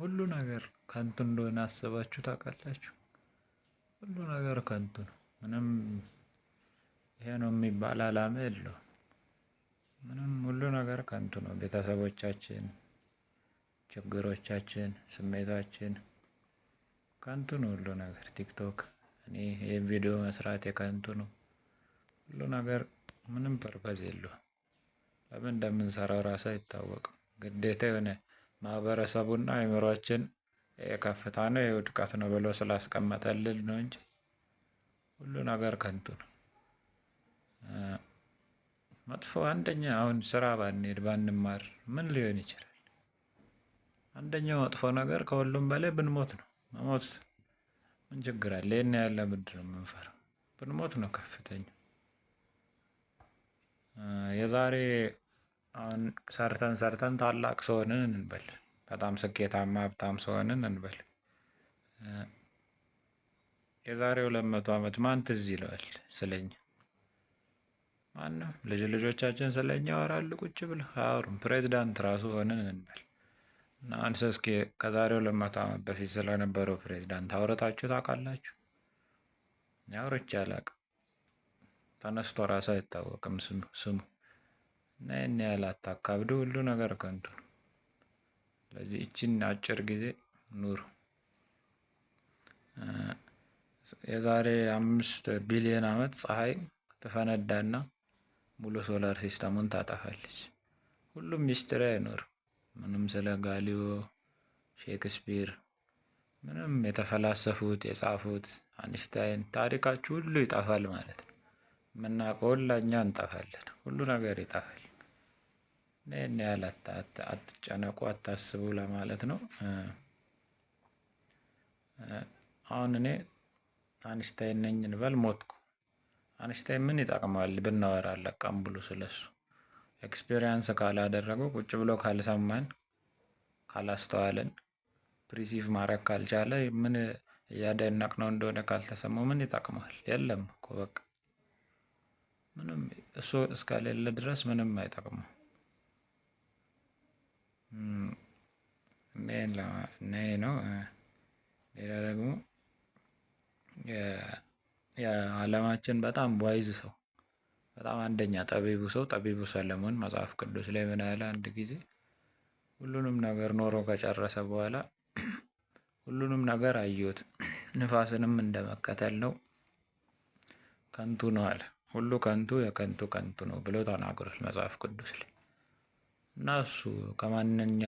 ሁሉ ነገር ከንቱ እንደሆነ አስባችሁ ታውቃላችሁ? ሁሉ ነገር ከንቱ ነው። ምንም ይሄ ነው የሚባል አላማ የለው ምንም ሁሉ ነገር ከንቱ ነው። ቤተሰቦቻችን፣ ችግሮቻችን፣ ስሜታችን ከንቱ ነው ሁሉ ነገር። ቲክቶክ እኔ የቪዲዮ መስራት የከንቱ ነው ሁሉ ነገር። ምንም ፐርፐዝ የለው። ለምን እንደምንሰራው ራሱ አይታወቅም። ግዴታ የሆነ ማህበረሰቡና አእምሯችን የከፍታ ነው የውድቀት ነው ብሎ ስላስቀመጠልን ነው እንጂ ሁሉ ነገር ከንቱ ነው። መጥፎ አንደኛ አሁን ስራ ባንሄድ ባንማር ምን ሊሆን ይችላል? አንደኛው መጥፎ ነገር ከሁሉም በላይ ብንሞት ነው። መሞት ምን ችግር አለ? ይህን ያለ ምንድን ነው የምንፈራው? ብንሞት ነው ከፍተኛ የዛሬ አሁን ሰርተን ሰርተን ታላቅ ሰሆንን እንበልን በጣም ስኬታማ ሀብታም ሰሆንን እንበል። የዛሬ ሁለት መቶ ዓመት ማን ትዝ ይለዋል ስለኛ? ማንም ልጅ ልጆቻችን ስለኛ ያወራሉ ቁጭ ብለው አያወሩም። ፕሬዚዳንት ራሱ ሆንን እንበል እና አንስ እስኪ ከዛሬ ሁለት መቶ ዓመት በፊት ስለነበረው ፕሬዚዳንት አውረታችሁ ታውቃላችሁ? አውርቼ አላውቅም። ተነስቶ ራሱ አይታወቅም ስሙ ስሙ እና ይህን ያህል አታካብዱ። ሁሉ ነገር ከንቱ ነው። ስለዚህ አጭር ጊዜ ኑር። የዛሬ አምስት ቢሊዮን ዓመት ፀሐይ ትፈነዳና ሙሉ ሶላር ሲስተሙን ታጠፋለች። ሁሉም ሚስትሪ አይኖር። ምንም ስለ ጋሊዮ ሼክስፒር፣ ምንም የተፈላሰፉት የጻፉት አንሽታይን ታሪካችሁ ሁሉ ይጠፋል ማለት ነው። የምናውቀው ሁላ እኛ እንጠፋለን። ሁሉ ነገር ይጠፋል። ይህን ያህል አትጨነቁ፣ አታስቡ ለማለት ነው። አሁን እኔ አንስታይን ነኝ እንበል ሞትኩ። አንስታይን ምን ይጠቅመዋል ብናወራ አለቃም ብሎ ስለሱ ኤክስፔሪንስ ካላደረገው ቁጭ ብሎ ካልሰማን ካላስተዋልን ፕሪሲቭ ማድረግ ካልቻለ ምን እያደነቅ ነው እንደሆነ ካልተሰማው ምን ይጠቅመዋል? የለም እኮ በቃ ምንም እሱ እስከሌለ ድረስ ምንም አይጠቅመው። እናይ mm. ነው። eh, ሌላ ደግሞ የዓለማችን በጣም ዋይዝ ሰው በጣም አንደኛ ጠቢቡ ሰው ጠቢቡ ሰለሞን መጽሐፍ ቅዱስ ላይ ምን ያለ አንድ ጊዜ ሁሉንም ነገር ኖሮ ከጨረሰ በኋላ ሁሉንም ነገር አየሁት፣ ንፋስንም እንደመከተል ነው፣ ከንቱ ነው አለ። ሁሉ ከንቱ የከንቱ ከንቱ ነው ብሎ ተናግሯል መጽሐፍ ቅዱስ ላይ። እና እሱ ከማንኛ